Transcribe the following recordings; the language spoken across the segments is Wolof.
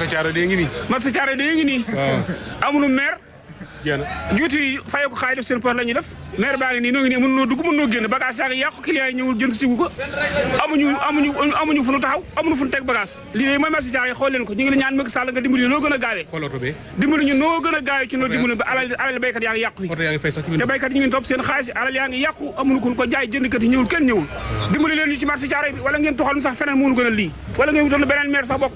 marché Thiaroye dee ngi nii. marché Thiaroye dee ngi nii. waaw amuñu maire. génn juuti fay ko xaalis def seen par la ñuy def maire baa ngi nii noo ngi nii mën noo dugg mën noo génn bagage yaa ngi yàqu client yi ñëwul jënd si wu ko amuñu amuñu amuñu fu nu taxaw amuñu fu nu teg bagage lii de mooy marché Thiaroye xool leen ko ñu ngi la ñaan Macky Sall nga dimbali noo gën a gaawee dimbali ñu noo gën a gaawee ci noo dimbali ba alal alal béykat yaa ngi yàqu yi te béykat ñu ngi topp seen xaalis alal yaa ngi yàqu amuñu kun ko jaay jëndkat yi ñëwul kenn ñëwul dimbali leen ñu ci marché Thiaroye bi wala ngeen toxal sax feneen mënu gën a lii wala ngeen wutal beneen maire sax bokk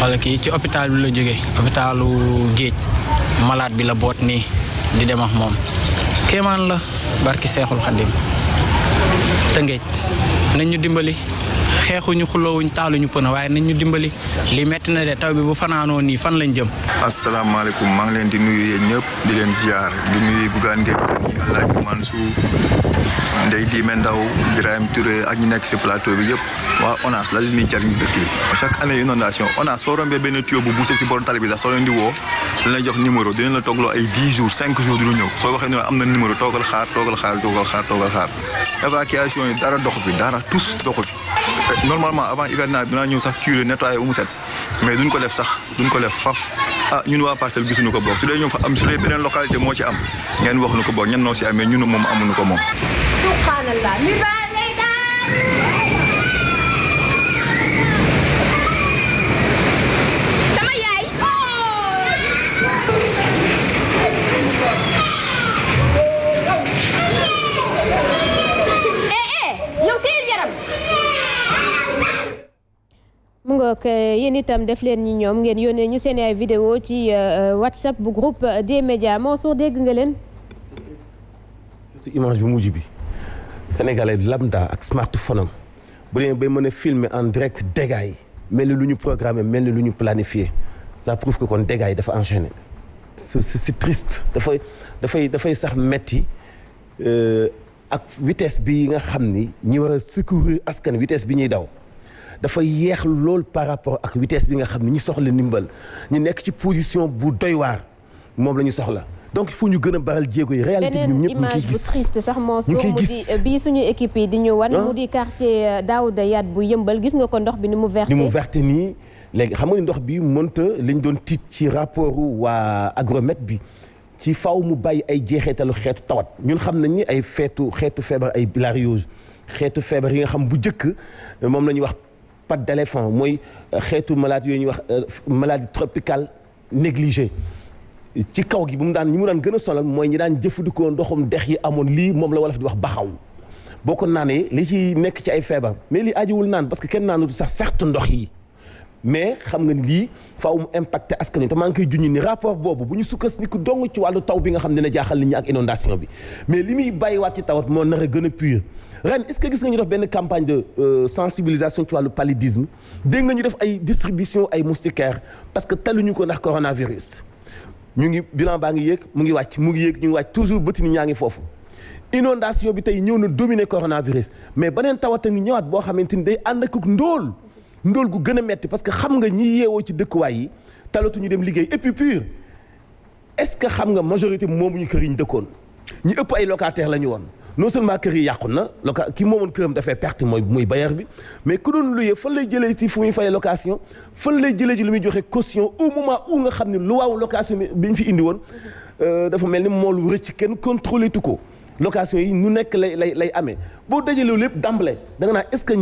xoolal kii ci hôpital bi la jóge hôpitalu géej malade bi la boot ni di dem ak moom kéemaan la barki seexul xadim tëngéej nañ ñu dimbali xeexuñu xuloowuñ taaluñu pëna waaye nañ ñu dimbali li metti na de taw bi bu fanaanoo nii fan lañ jëm. asalaamaaleykum maa ngi leen di nuyu yéen ñëpp di leen ziar di nuyu Bougane Gueye Dany Alaaji Mansour Ndeye Diime Ndaw Birahim Touré ak ñi nekk si plateau bi yëpp waa ONAS la li ñuy jariñ dëkk bi chaque année inondation ONAS soo rombee benn tuyau bu buuse si borom tali bi sax soo leen di woo dinañ jox numéro dinañ la toogloo ay 10 jours 5 jours du ñu ñëw soo waxee ne am na numéro toogal xaar toogal xaar toogal xaar toogal xaar évacuation yi dara dox bi tous doxul eh, normalement avant hivernage bi dinaa ñëw sax curer nettoyer ba mu set mais duñ ko def sax duñ ko def faf ah ñun waa parcelle gisuñu ko boog su dee ñoom fa am su dee beneen localité moo ci am ngeen wax nu ko boog ñen noo si amee ñun moom amuñu ko moom subhanallah ngoog eh, yéen itam def leen ñi ñoom ngeen yónnee ñu seen ay video ci eh, eh, whatsapp bu groupe média médias Mansour dégg nga leen. surtout image bi mujj bi sénégalais lambda ak smartphone am bu dee ba mën a filmer en direct dégâts yi mel ni lu ñu programmé mel ni lu ñu planifié ça prouve que kon dégâts dafa enchaîné. c'est triste dafay dafay dafay sax metti euh, ak vitesse bi nga xam ni ñi war a secourir askan wites bi ñuy daw. dafa yeex lool par rapport ak vitesse bi nga xam ne ñi soxla ndimbal ñu nekk ci position bu doy waar moom la ñu soxla donc il ñu gën a baral jéego yi réalité bi ñun ñëpp ngi gis beneen image bu sax moo su mu di eh, bii suñu équipe yi di ñu wan ah. mu di quartier eh, Daouda Yat bu gis nga ko ndox bi ni mu verte ni mu verte nii léegi xam nga ni ndox bi mënta lañ doon tiit ci rapport waa Agromet bi ci faw mu bàyyi ay jeexeetalu xeetu tawat ñun xam nañ ni ay feetu xeetu feebar ay bilariose xeetu feebar yi nga xam bu njëkk moom la ñuy wax pattes d'éléphant mooy xeetu malade yooyu ñuy wax euh, maladie tropicale négligée ci kaw gi bu mu daan ñi mu daan gën a sonal mooy ñi daan jëfandikoo ndoxum dex yi amoon lii moom la wolof di wax baxaw boo ko naanee li ci nekk ci ay feebar mais li ajiwul naan parce que kenn naanut sax certes ndox yi mais xam nga ni lii faaw mu impacté askan wi maa ngi koy junñi ni rapport boobu bu ñu sukkandiku dong ci wàllu taw bi nga xam ne dina jaaxal nit ñi ak inondation bi mais li muy bàyyiwaat ci tawat moo nar a gën a pire ren est-ce que gis nga ñu def benn campagne de euh, sensibilisation ci wàllu paludisme dégg nga ñu def ay distribution ay moustiquaires parce que ñu ko ndax coronavirus ñu ngi bilan baa ngi yéeg mu ngi wàcc mu ngi yéeg ñu ngi wàcc toujours bëti ñaa ngi foofu inondation bi tey ñëw na dominer coronavirus mais beneen tawat a ñëwaat boo xamante ni day ànd ak ndóol ndóol gu gën metti parce que xam nga ñi yeewoo ci dëkkuwaay yi ñu dem liggéey et puis pur est-ce que xam nga majorité ñu kër yi ñu dëkkoon ñi ëpp ay locataire la ñu woon non seulement kër yi yàqu na loca ki moom këram dafay perte mooy muy bailleur bi mais ku doon luyee fan lay jëlee ci fu muy fay location fan lay jëlee ci lu muy joxe caution au moment où nga xam ne lu waaw location bi ñu fi indi woon euh, dafa mel ni mool ci kenn contrôlé tu ko location yi ñu nekk lay lay lay amee boo dajalee lépp d'emblée da nga est-ce que.